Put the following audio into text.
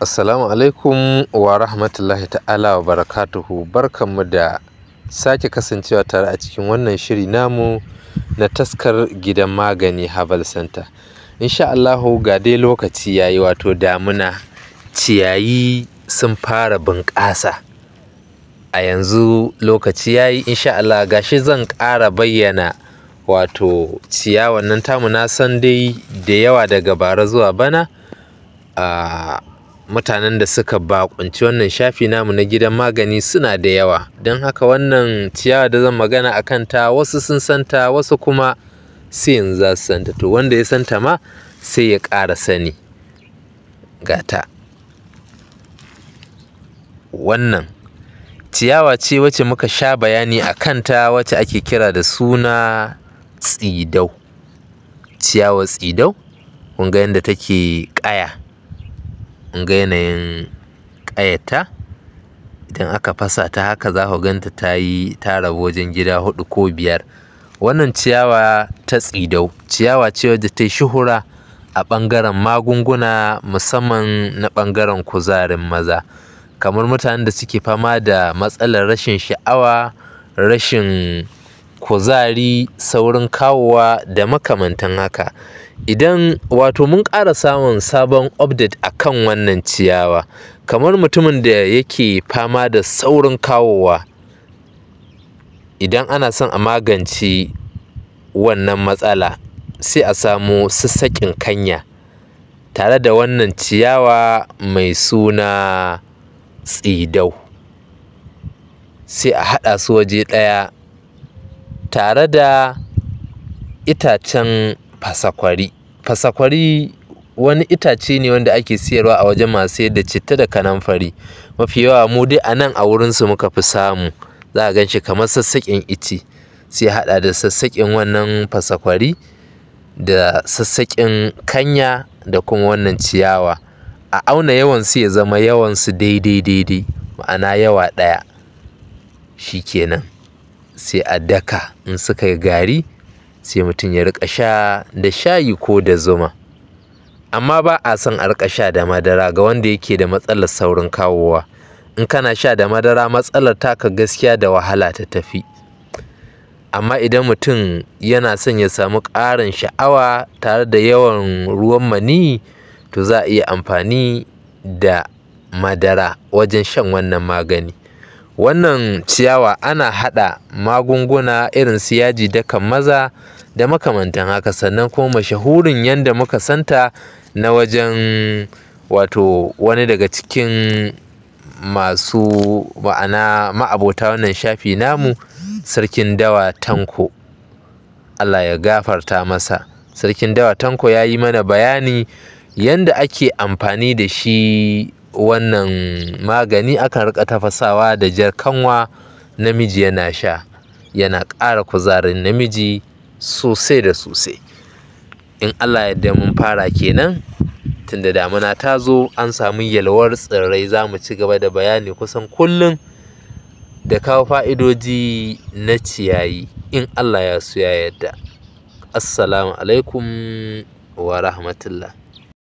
Assalamu alaikum wa rahmatullahi ta'ala wa barakatuhu barkanmu da sake kasancewa tare a cikin wannan shiri namu na taskar gidan magani Herbal Center. Insha Allahu ga dai lokaci yayi wato damuna ciyayi sun fara bunƙasa. A yanzu lokaci yayi insha Allah gashi zan ƙara bayyana wato ciyawan nan tamu na san dai da yawa daga bara zuwa bana. Uh, mutanen da suka bakunci wannan shafi namu na gidan magani suna da yawa don haka wannan ciyawa da zan magana a kanta wasu sun santa wasu kuma sai yanzu za su santa to wanda ya santa ma sai ya ƙara sani gata wannan ciyawa ce wacce muka sha bayani a kanta wacce ake kira da suna tsidau ciyawar tsidau kun ga yadda take ƙaya in ga yanayin ƙayata, idan aka fasa ta haka za ku ganta ta yi ta rabu wajen gida hudu ko biyar wannan ciyawa ta tsidau ciyawa ce wadda ta yi shuhura a ɓangaren magunguna musamman na ɓangaren kuzarin maza kamar mutanen da suke fama da matsalar rashin sha'awa rashin kuzari saurin kawowa da makamantan haka idan wato mun ƙara samun sabon update kan wannan ciyawa kamar mutumin da yake fama da saurin kawowa idan ana son a magance wannan matsala sai a samu sassaƙin kanya tare da wannan ciyawa mai suna tsidau sai a haɗa su waje ɗaya tare da itacen fasakwari fasakwari wani itace ne wanda ake siyarwa a wajen masu sayar da citta da kanamfari mafi yawa mu dai a nan a wurinsu muka fi samu za a gan kamar sassaƙin ice sai haɗa da sassaƙin wannan fasakwari da sassaƙin kanya da kuma wannan ciyawa a auna yawansu ya zama yawansu daidai daidai ma'ana yawa ɗaya shi kenan sai a daka in suka yi gari sai mutum ya riƙa sha da shayi ko da zuma amma ba a son a riƙa sha da madara ga wanda yake da matsalar saurin kawowa in kana sha da madara matsalar taka gaskiya da wahala ta tafi amma idan mutum yana son ya samu ƙarin sha'awa tare da yawan ruwan mani to za a iya amfani da madara wajen shan wannan magani wannan ciyawa ana haɗa magunguna irin su yaji dakan maza da makamantan haka sannan kuma mashahurin yanda muka santa na wajen wato wani daga cikin masu ma'ana ma'abota wannan shafi namu sarkin dawa tanko Allah ya gafarta masa sarkin dawa tanko ya yi mana bayani yanda ake amfani da shi wannan magani akan rika tafasawa da jar kanwa namiji yana sha yana ƙara kuzarin namiji sosai da sosai in Allah yadda mun fara kenan tunda damuna ta zo an samu yalwar tsirrai za mu ci gaba da bayani kusan kullum da kawo fa'idoji na ciyayi in Allah ya so ya yadda assalamu alaikum wa rahmatullah